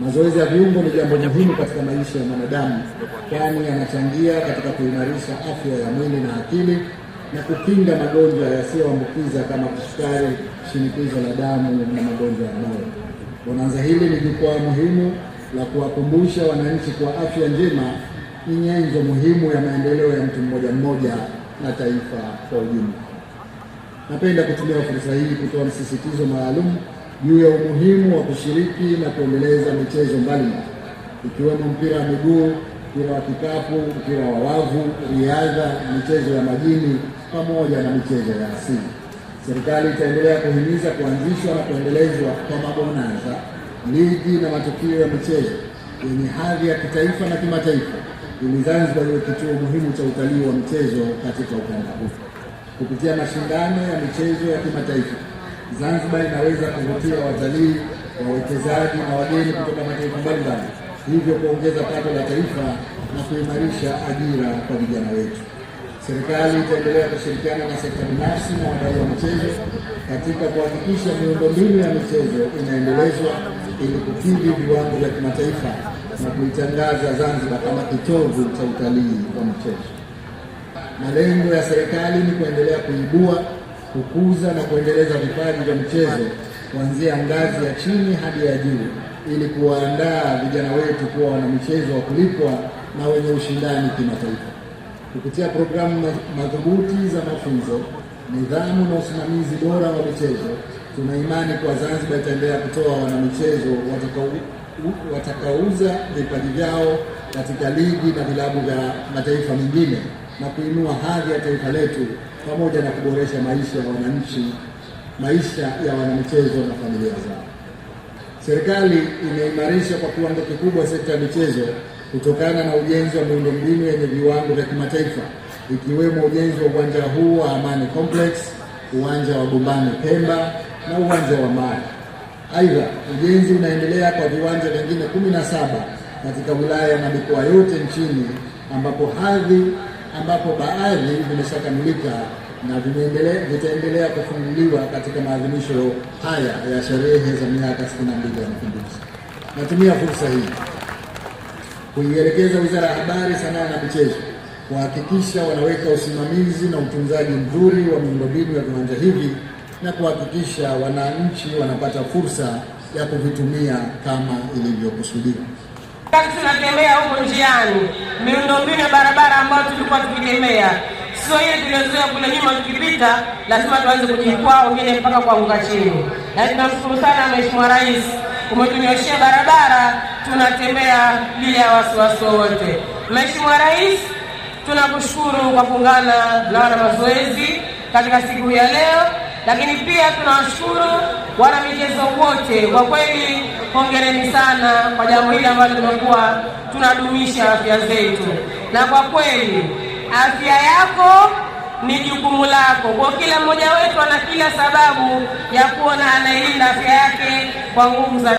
Mazoezi ya viungo ni jambo muhimu katika maisha ya mwanadamu, kwani yanachangia katika kuimarisha afya ya mwili na akili na kupinga magonjwa yasiyoambukiza kama kisukari, shinikizo la damu na magonjwa ya moyo. Bonanza hili ni jukwaa muhimu la kuwakumbusha wananchi kuwa afya njema ni nyenzo muhimu ya maendeleo ya mtu mmoja mmoja na taifa kwa ujumla. Napenda kutumia fursa hii kutoa msisitizo maalum juu ya umuhimu wa kushiriki na kuendeleza michezo mbalimbali ikiwemo mpira wa miguu, mpira wa kikapu, mpira wa wavu, riadha, michezo ya majini pamoja na michezo ya asili. Serikali itaendelea kuhimiza kuanzishwa na kuendelezwa kwa mabonanza, ligi na matukio ya michezo yenye hadhi ya kitaifa na kimataifa ili Zanzibar iwe kituo muhimu cha utalii wa michezo katika ukanda huu kupitia mashindano ya michezo ya kimataifa Zanzibar inaweza kuvutia watalii, wawekezaji na wageni kutoka mataifa mbalimbali, hivyo kuongeza pato la taifa na kuimarisha ajira kwa vijana wetu. Serikali itaendelea kushirikiana na sekta binafsi na wadau wa michezo katika kuhakikisha miundombinu ya michezo inaendelezwa ili kukidhi viwango vya kimataifa na kuitangaza Zanzibar kama kitovu cha utalii wa michezo. Malengo ya serikali ni kuendelea kuibua kukuza na kuendeleza vipaji vya michezo kuanzia ngazi ya chini hadi ya juu ili kuwaandaa vijana wetu kuwa wanamichezo wa kulipwa na wenye ushindani kimataifa. Kupitia programu madhubuti za mafunzo, nidhamu na usimamizi bora wa michezo, tuna imani kuwa Zanzibar itaendelea kutoa wanamichezo watakaouza vipaji vyao katika ligi na vilabu vya mataifa mengine na kuinua hadhi ya taifa letu pamoja na kuboresha maisha ya wananchi, maisha ya wanamichezo na familia zao. Serikali imeimarisha kwa kiwango kikubwa sekta ya michezo kutokana na ujenzi wa miundombinu yenye viwango vya kimataifa ikiwemo ujenzi wa uwanja huu wa Amani Complex, uwanja wa Gombani Pemba na uwanja wa Mali. Aidha, ujenzi unaendelea kwa viwanja vingine 17 katika wilaya na mikoa yote nchini ambapo hadhi ambapo baadhi vimeshakamilika na vitaendelea kufunguliwa katika maadhimisho haya ya sherehe za miaka 62 ya Mapinduzi. Natumia fursa hii kuielekeza Wizara ya Habari, Sanaa na Michezo kuhakikisha wanaweka usimamizi na utunzaji mzuri wa miundombinu ya viwanja hivi na kuhakikisha wananchi wanapata fursa ya kuvitumia kama ilivyokusudiwa. Wakati tunatembea huko njiani, miundombinu ya barabara ambayo tulikuwa tukitegemea sio ile tuliozoea kule nyuma, tukipita lazima tuanze kujikwaa, wengine mpaka kuanguka chini. Na tunashukuru sana Mheshimiwa Rais, umetunyoshea barabara tunatembea bila wasiwasi wowote. Mheshimiwa Rais, tunakushukuru kwa kuungana na wana mazoezi katika siku ya leo. Lakini pia tunawashukuru wana michezo wote kwa kweli, hongereni sana kwa jambo hili ambalo tumekuwa tunadumisha afya zetu, na kwa kweli afya yako ni jukumu lako. Kwa kila mmoja wetu ana kila sababu ya kuona anailinda afya yake kwa nguvu za